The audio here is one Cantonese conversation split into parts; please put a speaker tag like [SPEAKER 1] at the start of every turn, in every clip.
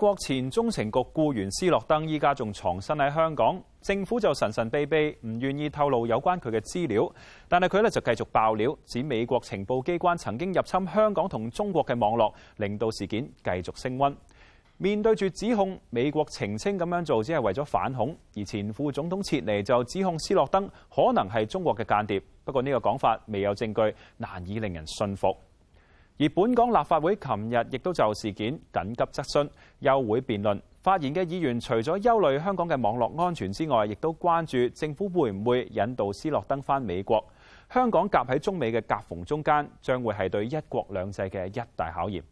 [SPEAKER 1] 美國前中情局僱員斯諾登依家仲藏身喺香港，政府就神神秘秘，唔願意透露有關佢嘅資料。但係佢呢就繼續爆料，指美國情報機關曾經入侵香港同中國嘅網絡，令到事件繼續升溫。面對住指控，美國澄清咁樣做只係為咗反恐。而前副總統切尼就指控斯諾登可能係中國嘅間諜。不過呢個講法未有證據，難以令人信服。而本港立法會琴日亦都就事件緊急質詢、休會辯論。發言嘅議員除咗憂慮香港嘅網絡安全之外，亦都關注政府會唔會引導斯諾登返美國。香港夾喺中美嘅夾縫中間，將會係對一國兩制嘅一大考驗。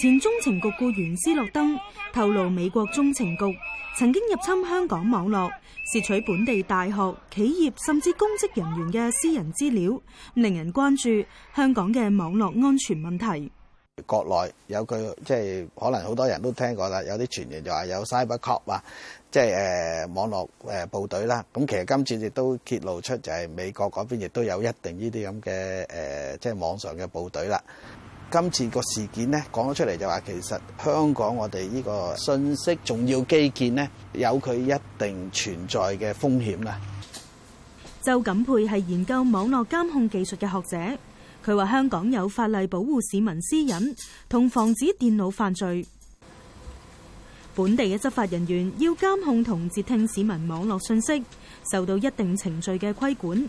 [SPEAKER 2] 前中情局僱員斯諾登透露，美國中情局，曾經入侵香港網絡，竊取本地大學、企業甚至公職人員嘅私人資料，令人關注香港嘅網絡安全問題。
[SPEAKER 3] 國內有句即係可能好多人都聽過啦，有啲傳言就話有 Cyber Cop 啊，即係誒網絡誒部隊啦。咁其實今次亦都揭露出就係美國嗰邊亦都有一定呢啲咁嘅誒即係網上嘅部隊啦。今次個事件呢講咗出嚟就話，其實香港我哋呢個信息重要基建呢，有佢一定存在嘅風險啦。
[SPEAKER 2] 周錦佩係研究網絡監控技術嘅學者，佢話香港有法例保護市民私隱同防止電腦犯罪，本地嘅執法人員要監控同截聽市民網絡信息，受到一定程序嘅規管。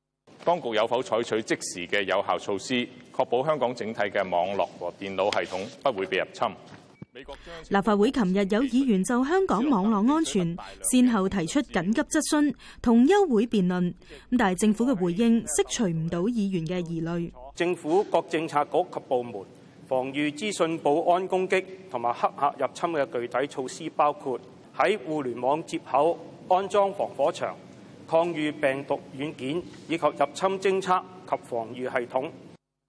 [SPEAKER 1] 當局有否採取即時嘅有效措施，確保香港整體嘅網絡和電腦系統不會被入侵？
[SPEAKER 2] 立法會琴日有議員就香港網絡安全，先後提出緊急質詢同休會辯論，咁但係政府嘅回應，釋除唔到議員嘅疑慮。
[SPEAKER 1] 政府各政策局及部門防禦資訊保安攻擊同埋黑客入侵嘅具體措施，包括喺互聯網接口安裝防火牆。抗御病毒軟件以及入侵偵測及防禦系統。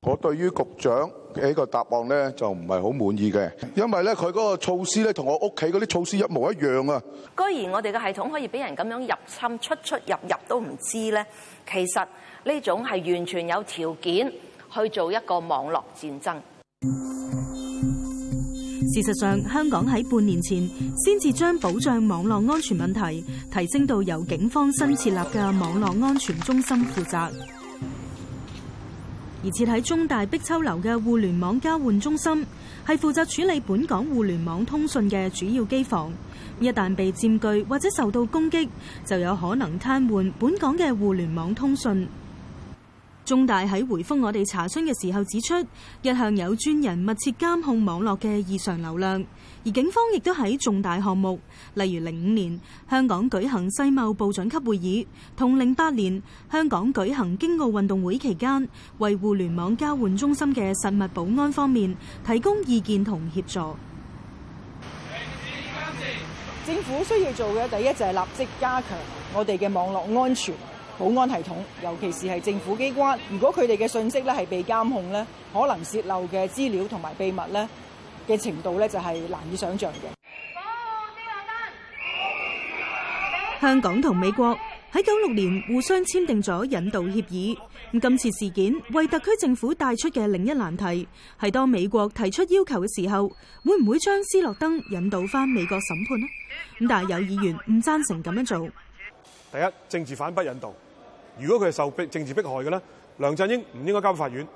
[SPEAKER 4] 我對於局長嘅呢個答案呢，就唔係好滿意嘅，因為呢，佢嗰個措施呢，同我屋企嗰啲措施一模一樣啊！
[SPEAKER 5] 居然我哋嘅系統可以俾人咁樣入侵，出出入入都唔知呢？其實呢種係完全有條件去做一個網絡戰爭。
[SPEAKER 2] 事實上，香港喺半年前先至將保障網絡安全問題提升到由警方新設立嘅網絡安全中心負責。而設喺中大碧秋樓嘅互聯網交換中心，係負責處理本港互聯網通訊嘅主要機房。一旦被佔據或者受到攻擊，就有可能癱瘓本港嘅互聯網通訊。中大喺回覆我哋查詢嘅時候指出，一向有專人密切監控網絡嘅異常流量，而警方亦都喺重大項目，例如零五年香港舉行世貿部長級會議，同零八年香港舉行京奧運動會期間，為互聯網交換中心嘅實物保安方面提供意見同協助。政府需要做嘅第一就係立即加強我哋嘅網絡安全。保安系統，尤其是係政府機關，如果佢哋嘅信息咧係被監控呢，可能洩漏嘅資料同埋秘密呢嘅程度呢就係難以想像嘅。香港同美國喺九六年互相簽訂咗引渡協議。咁今次事件為特區政府帶出嘅另一難題，係當美國提出要求嘅時候，會唔會將斯諾登引渡返美國審判咧？咁但係有議員唔贊成咁樣做。
[SPEAKER 6] 第一，政治犯不引渡。如果佢係受逼政治迫害嘅咧，梁振英唔應該交俾法院。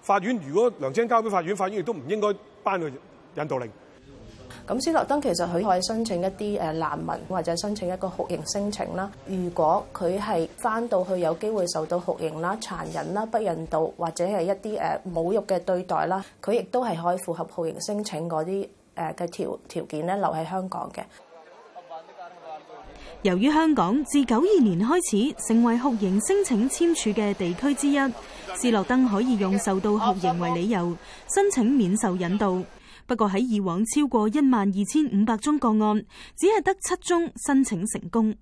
[SPEAKER 6] 法院如果梁振英交俾法院，法院亦都唔應該頒佢引渡令。
[SPEAKER 2] 咁，斯諾登其實佢可以申請一啲誒難民，或者申請一個酷刑申請啦。如果佢係翻到去有機會受到酷刑啦、殘忍啦、不人道或者係一啲誒侮辱嘅對待啦，佢亦都係可以符合酷刑申請嗰啲誒嘅條條件咧，留喺香港嘅。由於香港自九二年開始成為酷刑申請簽署嘅地區之一，斯諾登可以用受到酷刑為理由申請免受引渡。不過喺以往超過一萬二千五百宗個案，只係得七宗申請成功。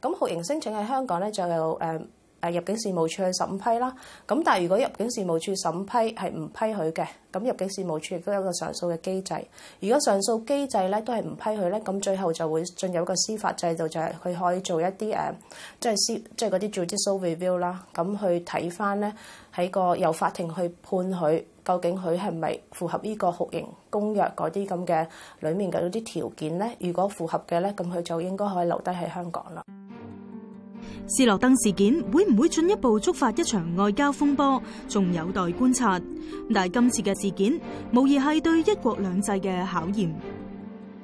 [SPEAKER 2] 咁酷刑申請喺香港呢，就有誒，入境事務處去審批啦，咁但係如果入境事務處審批係唔批佢嘅，咁入境事務處亦都有個上訴嘅機制。如果上訴機制咧都係唔批佢咧，咁最後就會進入一個司法制度，就係、是、佢可以做一啲誒，即係司即係嗰啲做啲司法 review 啦，咁去睇翻咧喺個由法庭去判佢究竟佢係咪符合呢個酷刑公約嗰啲咁嘅裡面嘅一啲條件咧？如果符合嘅咧，咁佢就應該可以留低喺香港啦。斯諾登事件會唔會進一步觸發一場外交風波，仲有待觀察。但今次嘅事件，無疑係對一國兩制嘅考驗。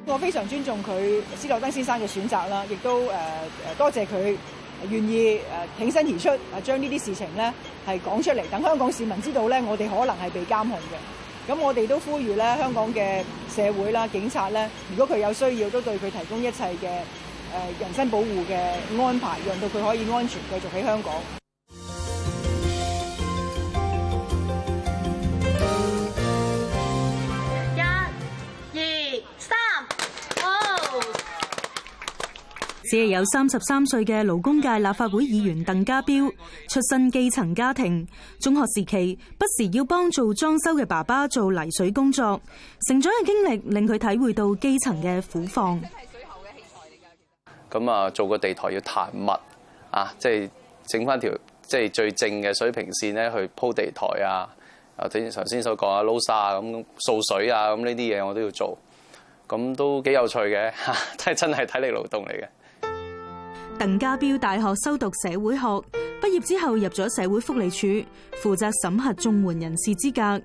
[SPEAKER 2] 我非常尊重佢斯諾登先生嘅選擇啦，亦都多謝佢願意挺身而出，將呢啲事情咧係講出嚟，等香港市民知道咧，我哋可能係被監控嘅。咁我哋都呼籲咧，香港嘅社會啦、警察咧，如果佢有需要，都對佢提供一切嘅。誒人身保護嘅安
[SPEAKER 5] 排，讓到佢可以安全繼續喺香
[SPEAKER 2] 港。一、二、三、好！只係有三十三歲嘅勞工界立法會議員鄧家彪，出身基層家庭，中學時期不時要幫做裝修嘅爸爸做泥水工作，成長嘅經歷令佢體會到基層嘅苦況。
[SPEAKER 4] 咁啊，做個地台要彈密啊，即係整翻條即係最正嘅水平線咧，去鋪地台啊，啊！正如頭先所講啊，撈沙啊，咁掃水啊，咁呢啲嘢我都要做，咁、啊、都幾有趣嘅嚇、啊，真係真係體力勞動嚟嘅。
[SPEAKER 2] 鄧家彪大學修讀社會學，畢業之後入咗社會福利署，負責審核綜援人士資格。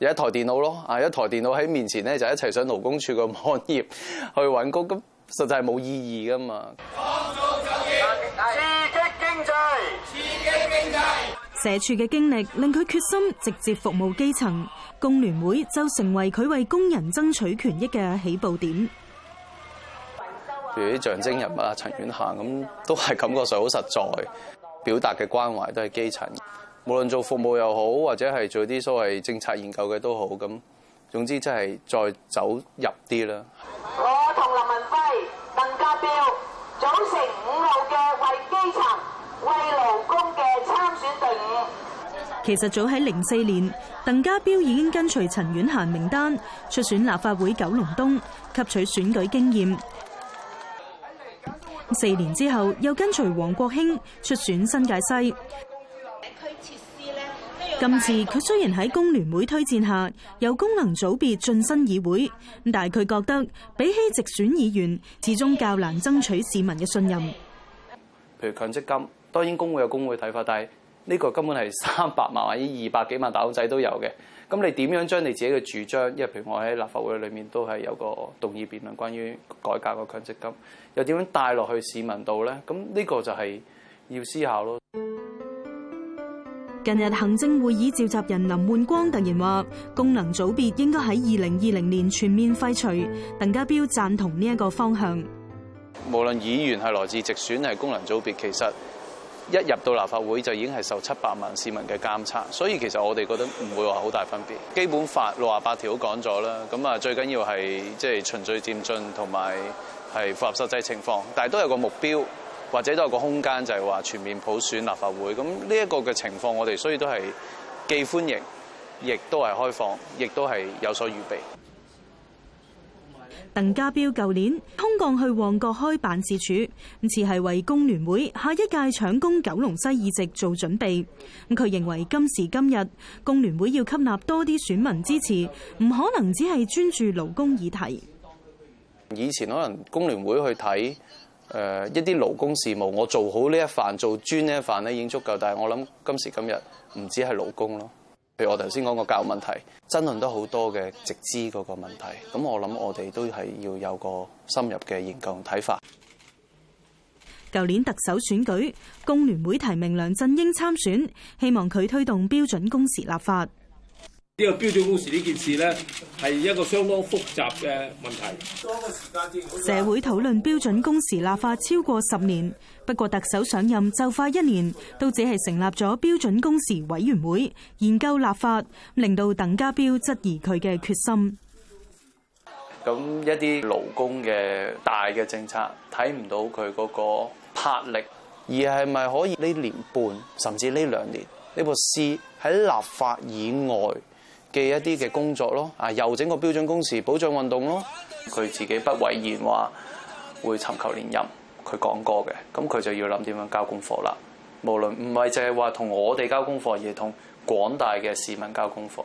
[SPEAKER 4] 有一台電腦咯，啊，一台電腦喺面前咧，就一齊上勞工處嘅網頁去揾工，咁實在係冇意義噶嘛。
[SPEAKER 1] 創造就業，刺激經濟，刺激經濟，刺激
[SPEAKER 4] 經濟。社署嘅經
[SPEAKER 2] 歷令佢決心直接服務基層，工聯會就成為佢為工人爭取權益嘅起步點。
[SPEAKER 4] 譬如啲象徵人物陳婉嫻咁，都係感覺上好實在，表達嘅關懷都係基層。無論做服務又好，或者係做啲所謂政策研究嘅都好，咁總之真係再走入啲啦。我同林
[SPEAKER 1] 文輝、鄧家彪組成五路嘅為基層、為勞工嘅參選隊伍。
[SPEAKER 5] 其
[SPEAKER 2] 實早喺零四年，鄧家彪已經跟隨陳婉嫻名單出選立法會九龍東，吸取選舉經驗。四年之後，又跟隨王國興出選新界西。今次佢雖然喺工聯會推薦下，由功能組別晉身議會，但佢覺得比起直選議員，始終較難爭取市民嘅信任。
[SPEAKER 4] 譬如強積金，當然工會有工會睇法，但係呢個根本係三百萬或者二百幾萬打工仔都有嘅。咁你點樣將你自己嘅主張，因為譬如我喺立法會裏面都係有個動議辯論關於改革個強積金，又點樣帶落去市民度咧？咁呢個就係要思考咯。
[SPEAKER 2] 近日行政會議召集人林煥光突然話功能組別應該喺二零二零年全面廢除，鄧家彪贊同呢一個方向。
[SPEAKER 4] 無論議員係來自直選係功能組別，其實一入到立法會就已經係受七百萬市民嘅監察，所以其實我哋覺得唔會話好大分別。基本法六啊八條都講咗啦，咁啊最緊要係即係循序漸進同埋係符合實際情況，但係都有個目標。或者都有個空間，就係話全面普選立法會。咁呢一個嘅情況，我哋所以都係既歡迎，亦都係開放，亦都係有所預備。
[SPEAKER 2] 鄧家彪舊年空降去旺角開辦事處，唔似係為工聯會下一屆搶攻九龍西議席做準備。咁佢認為今時今日，工聯會要吸納多啲選民支持，唔可能只係專注勞工議題。
[SPEAKER 4] 以前可能工聯會去睇。誒一啲勞工事務，我做好呢一範，做專呢一範咧已經足夠，但係我諗今時今日唔止係勞工咯，譬如我頭先講個教育問題，爭論都好多嘅直資嗰個問題，咁我諗我哋都係要有個深入嘅研究同睇法。
[SPEAKER 2] 舊年特首選舉，工聯會提名梁振英參選，希望佢推動標準工時立法。
[SPEAKER 6] 呢個標準工時呢件事呢，係一個相當複
[SPEAKER 1] 雜嘅問
[SPEAKER 6] 題。社會
[SPEAKER 2] 討論標準工時立法超過十年，不過特首上任就快一年，都只係成立咗標準工時委員會研究立法，令到鄧家彪質疑佢嘅決心。
[SPEAKER 4] 咁一啲勞工嘅大嘅政策睇唔到佢嗰個魄力，而係咪可以呢年半甚至呢兩年呢部書喺立法以外？嘅一啲嘅工作咯，啊又整個標準工時保障運動咯，佢自己不諱言話會尋求連任，佢講過嘅，咁佢就要諗點樣交功課啦。無論唔係就係話同我哋交功課，而係同廣大嘅市民交功課。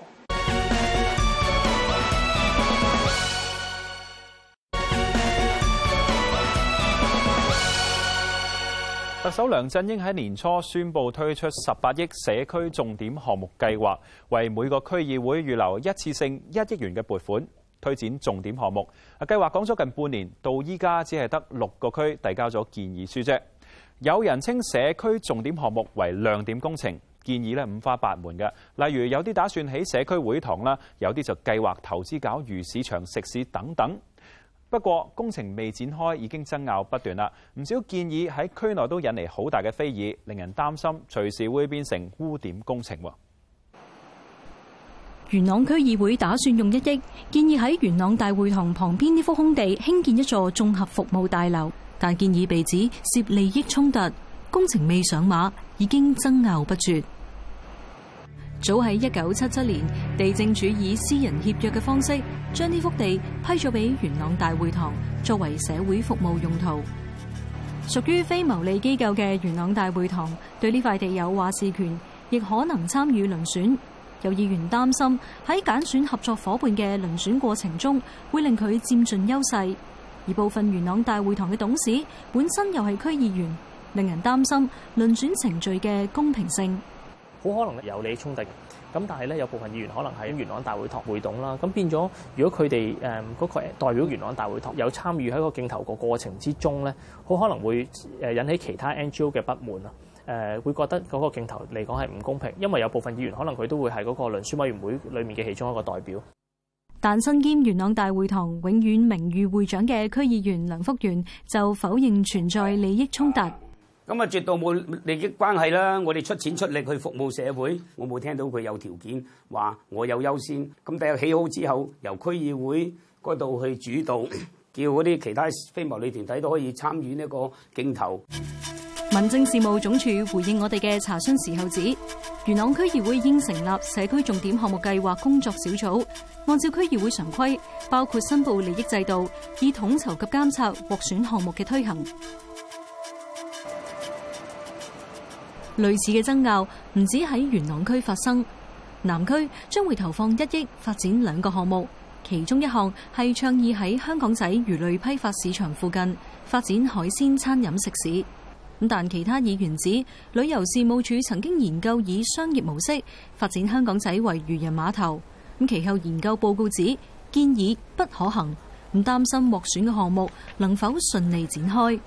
[SPEAKER 1] 特首梁振英喺年初宣佈推出十八億社區重點項目計劃，為每個區議會預留一次性一億元嘅撥款，推展重點項目。計劃講咗近半年，到依家只係得六個區遞交咗建議書啫。有人稱社區重點項目為亮點工程，建議咧五花八門嘅，例如有啲打算起社區會堂啦，有啲就計劃投資搞魚市場、食肆等等。不過工程未展開，已經爭拗不斷啦。唔少建議喺區內都引嚟好大嘅非議，令人擔心隨時會變成污點工程。
[SPEAKER 5] 元朗區議會打算用一億，建議喺元朗大會堂旁邊呢幅空地興建一座綜合服務大樓，但建議被指涉利益衝突，工程未上馬已經爭拗不絕。早喺一九七七年，地政署以私人協約嘅方式，將呢幅地批咗俾元朗大會堂，作為社會服務用途。屬於非牟利機構嘅元朗大會堂，對呢塊地有話事權，亦可能參與輪選。有議員擔心喺揀選合作伙伴嘅輪選過程中，會令佢佔盡優勢。而部分元朗大會堂嘅董事本身又係區議員，令人擔心輪選程序嘅公平性。
[SPEAKER 6] 好可能有利益衝突，咁但係咧有部分議員可能喺元朗大會堂會董啦，咁變咗如果佢哋誒嗰個代表元朗大會堂有參與喺個鏡頭個過程之中咧，好可能會誒引起其他 NGO 嘅不滿啊，誒會覺得嗰個鏡頭嚟講係唔公平，因為有部分議員可能佢都會係嗰個遴選委員會裡面嘅其中一個代表。
[SPEAKER 5] 但身兼元朗大會堂永遠名譽會長嘅區議員梁福元就否認存在利益衝突。
[SPEAKER 3] 咁啊，絕對冇利益關係啦！我哋出錢出力去服務社會，我冇聽到佢有條件話我有優先。咁第日起好之後，由區議會嗰度去主導，叫嗰啲其他非牟利團體都可以參與呢個競投。
[SPEAKER 5] 民政事務總署回應我哋嘅查詢時候指，元朗區議會應成立社區重點項目計劃工作小組，按照區議會常規，包括申報利益制度，以統籌及監察獲選項目嘅推行。類似嘅爭拗唔止喺元朗區發生，南區將會投放一億發展兩個項目，其中一項係倡議喺香港仔魚類批發市場附近發展海鮮餐飲食肆，咁但其他議員指，旅遊事務署曾經研究以商業模式發展香港仔為漁人碼頭，咁其後研究報告指建議不可行，唔擔心獲選嘅項目能否順利展開。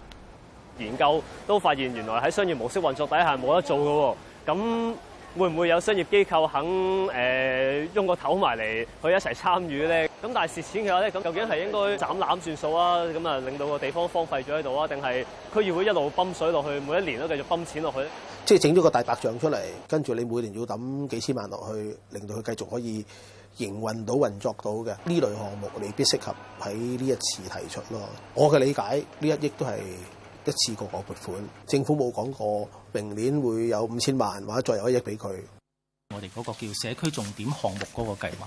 [SPEAKER 1] 研究都發現，原來喺商業模式運作底下冇得做嘅喎。咁會唔會有商業機
[SPEAKER 6] 構肯誒、呃、用個頭埋嚟去一齊參與咧？咁但係蝕錢嘅話咧，咁究竟係應該斬纜算數啊？咁啊，令到個地方荒廢咗喺度啊？定係區議會一路泵水落去，每一年都繼續泵錢落去？即係整咗個大白象出嚟，跟住你每年要抌幾千萬落去，令到佢繼續可以營運到運作到嘅呢類項目，未必適合喺呢一次提出咯。我嘅理解呢一億都係。一次過個撥款，政府冇講過明年會有五千萬或者再有一億俾佢。
[SPEAKER 5] 我哋嗰個叫
[SPEAKER 6] 社區重點項目嗰個計劃，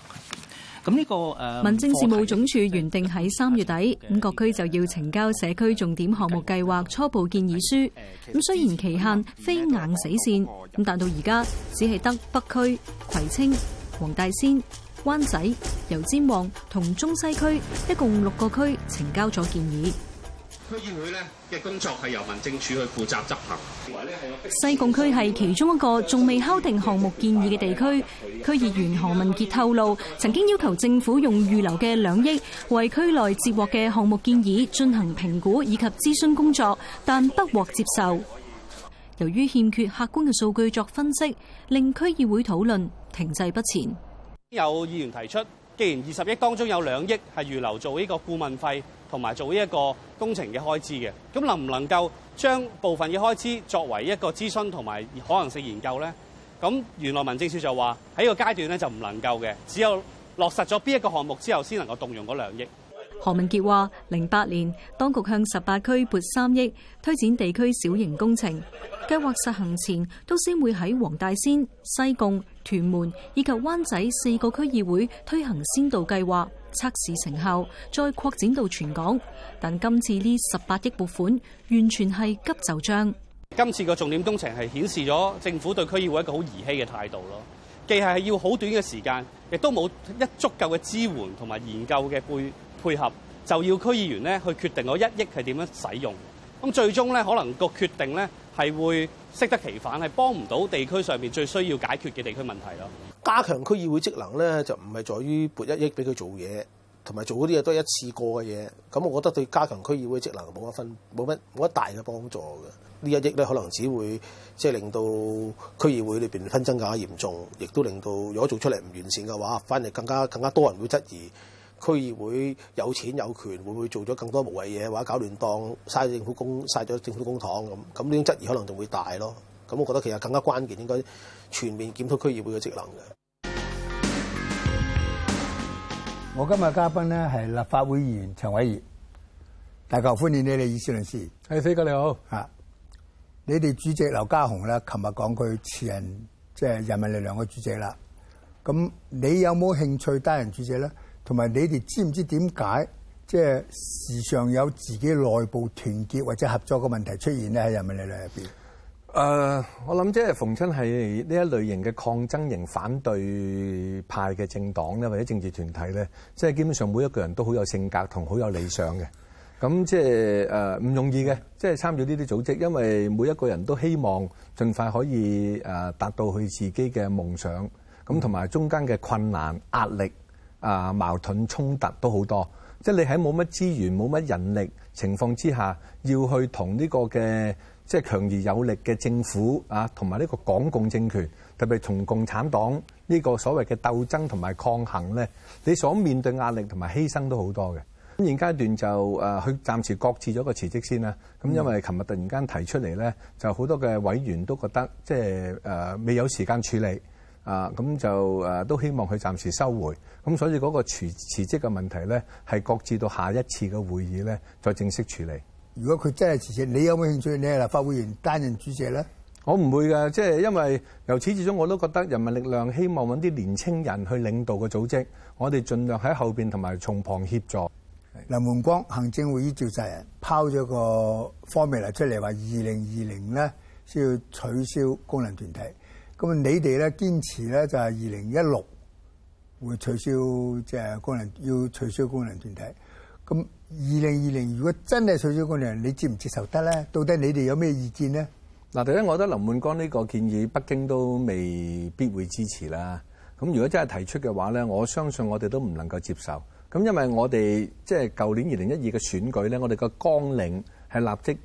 [SPEAKER 6] 咁呢個誒民政事務
[SPEAKER 5] 總署原定喺三月底，五個區就要呈交社區重點項目計劃初步建議書。咁雖然期限非硬死線，咁但到而家只係得北區、葵青、黃大仙、灣仔、油尖旺同中西區一共六個區呈交咗建議。
[SPEAKER 1] 區議會嘅工作係由民政處去負責執行。
[SPEAKER 5] 西貢區係其中一個仲未敲定項目建議嘅地區。區議員何文杰透露，曾經要求政府用預留嘅兩億，為區內接獲嘅項目建議進行評估以及諮詢工作，但不獲接受。由於欠缺客觀嘅數據作分析，令區議會討論停滯不前。
[SPEAKER 1] 有議員提出，既然二十億當中有兩億係預留做呢個顧問費。同埋做呢一個工程嘅開支嘅，咁能唔能夠將部分嘅開支作為一個諮詢同埋可能性研究咧？咁原來民政處就話喺個階段咧就唔能夠嘅，只有落實咗邊一個項目之後先能夠動用嗰兩億。
[SPEAKER 5] 何文杰話零八年，當局向十八區撥三億，推展地區小型工程，計劃實行前都先會喺黃大仙、西貢、屯門以及灣仔四個區議會推行先導計劃。測試成效，再擴展到全港。但今次呢十八億撥款，完全係急就章。
[SPEAKER 1] 今次個重點工程係顯示咗政府對區議會一個好兒戲嘅態度咯，既係要好短嘅時間，亦都冇一足夠嘅支援同埋研究嘅配配合，就要區議員呢去決定嗰一億係點樣使用。咁最終呢，可能個決定呢係會適得其反，係幫唔到地區上面最需要解決嘅地區問題咯。
[SPEAKER 6] 加強區議會職能咧，就唔係在於撥一億俾佢做嘢，同埋做嗰啲嘢都係一次過嘅嘢。咁我覺得對加強區議會的職能冇乜分、冇乜、冇乜大嘅幫助嘅。呢一億咧，可能只會即係、就是、令到區議會裏邊紛爭更加嚴重，亦都令到如果做出嚟唔完善嘅話，反而更加更加多人會質疑區議會有錢有權會唔會做咗更多無謂嘢，或者搞亂檔嘥政，政府公嘥咗政府公帑咁。咁呢種質疑可能仲會大咯。咁我覺得其實更加關鍵應該全面檢討區議會嘅職能嘅。
[SPEAKER 7] 我今日嘉賓咧係立法會議員陳偉業，大家歡迎你哋議事論事。係，飛哥你好。啊，你哋主席劉家雄咧，琴日講佢辭任，即係人民力量嘅主席啦。咁你有冇興趣擔任主席咧？同埋你哋知唔知點解即係時常有自己內部團結或者合作嘅問題出現咧？喺人民力量入邊？
[SPEAKER 8] 誒，uh, 我諗即係逢親係呢一類型嘅抗爭型反對派嘅政黨咧，或者政治團體咧，即係基本上每一個人都好有性格同好有理想嘅。咁即係誒唔容易嘅，即係參與呢啲組織，因為每一個人都希望盡快可以誒達到佢自己嘅夢想。咁同埋中間嘅困難壓力啊、矛盾衝突都好多。即係你喺冇乜資源、冇乜人力情況之下，要去同呢個嘅。即係強而有力嘅政府啊，同埋呢個港共政權，特別同共產黨呢個所謂嘅鬥爭同埋抗衡咧，你所面對壓力同埋犧牲都好多嘅。咁現階段就誒，佢暫時擱置咗個辭職先啦。咁因為琴日突然間提出嚟咧，就好多嘅委員都覺得即係誒、呃、未有時間處理啊，咁、呃、就誒、呃、都希望佢暫時收回。咁所以嗰個辭辭職嘅問題咧，係擱置到下一次嘅會議咧，再正式處理。如果佢真係辭職，你有冇興趣？你係立法會議員擔任主席咧？我唔會嘅，即係因為由始至終我都覺得人民力量希望揾啲年青人去領導個組織，我哋盡量喺後邊同埋從旁協助。林煥光行政會議召集人拋咗個 formula 出嚟，話二
[SPEAKER 7] 零二零咧先要取消功能團體。咁你哋咧堅持咧就係二零一六會取消，即係功能要取消功能團體。咁二零二零如果真係取咗國聯，你接唔接受得咧？到底你哋有咩
[SPEAKER 8] 意見咧？嗱，第一，我覺得林滿江呢個建議，北京都未必會支持啦。咁如果真係提出嘅話咧，我相信我哋都唔能夠接受。咁因為我哋即係舊年二零一二嘅選舉咧，我哋個綱領係立即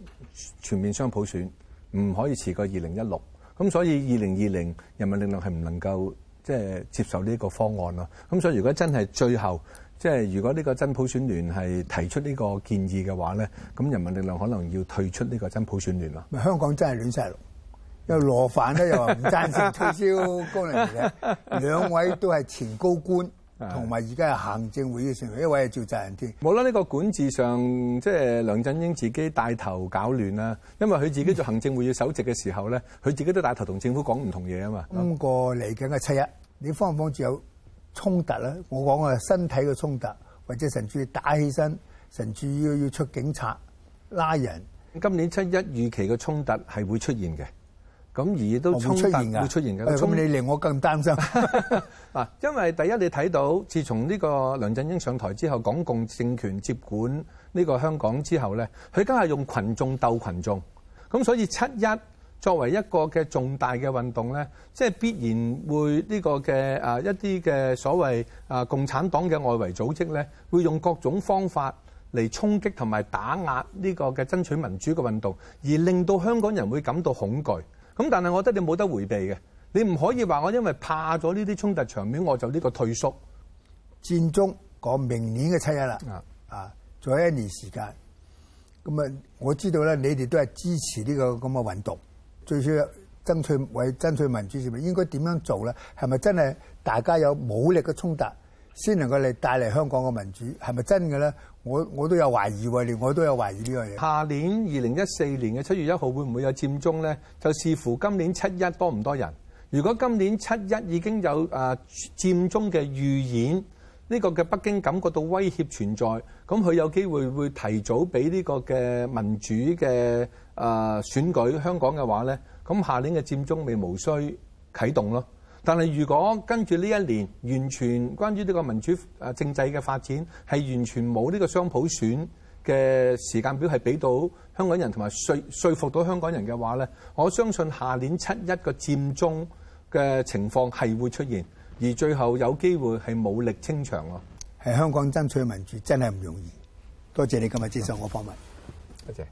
[SPEAKER 8] 全面雙普選，唔可以遲過二零一六。咁所以二零二零人民力量係唔能夠即係、就是、接受呢個方案咯。咁所以如果真係最後，即係如果呢個真普選聯係提出呢個建議嘅話咧，咁人民力量可能要退出呢個真普選聯啦。
[SPEAKER 7] 香港真係亂晒囉！羅
[SPEAKER 8] 又羅范咧又話唔贊
[SPEAKER 7] 成取消功能嘅。
[SPEAKER 8] 兩位
[SPEAKER 7] 都係前高官，
[SPEAKER 8] 同埋而家係行政會議成員，一位係趙振添。冇啦，呢個管治上即係梁振英自己帶頭搞亂啦。因為佢自己做行政會議首席嘅時候咧，佢、嗯、自己都帶頭同政府講唔同嘢啊嘛。
[SPEAKER 7] 咁、嗯嗯、個嚟緊嘅七一，你方唔方住有？衝突咧，我講啊，身體嘅衝突，或者甚至要打起身，甚至要要出警察
[SPEAKER 8] 拉人。今年七一預期嘅衝突係會出現嘅，咁而都衝突會出現嘅，衝你令
[SPEAKER 7] 我更擔心。
[SPEAKER 8] 因為第一你睇到自從呢個梁振英上台之後，港共政權接管呢個香港之後咧，佢梗係用群眾鬥群眾，咁所以七一，作為一個嘅重大嘅運動咧，即係必然會呢個嘅啊一啲嘅所謂啊共產黨嘅外圍組織咧，會用各種方法嚟衝擊同埋打壓呢個嘅爭取民主嘅運動，而令到香港人會感到恐懼。咁但係，我覺得你冇得回避嘅，你唔可以話我因為怕咗呢啲衝突場面，我就呢個退縮。
[SPEAKER 7] 佔中講明年嘅七一啦，啊，仲有一年時間咁啊，我知道咧，你哋都係支持呢個咁嘅運動。最少爭取為爭取民主係咪應該點樣做咧？係咪真係大家有武力嘅衝突先能夠嚟帶嚟香港嘅民主，係咪真嘅咧？
[SPEAKER 8] 我我都有懷疑喎，連我都有懷疑呢樣嘢。下年二零一四年嘅七月一號會唔會有佔中咧？就視乎今年七一多唔多人。如果今年七一已經有誒佔中嘅預演。呢個嘅北京感覺到威脅存在，咁佢有機會會提早俾呢個嘅民主嘅啊、呃、選舉香港嘅話呢，咁下年嘅佔中未無需啟動咯。但係如果跟住呢一年完全關於呢個民主啊、呃、政制嘅發展係完全冇呢個雙普選嘅時間表係俾到香港人同埋說說服到香港人嘅話呢。我相信下年七一嘅佔中嘅情況係會出現。而最後有機會係武力清場喎，
[SPEAKER 7] 係香港爭取民主真係唔容易，多謝你今日接受我訪問，
[SPEAKER 8] 多謝。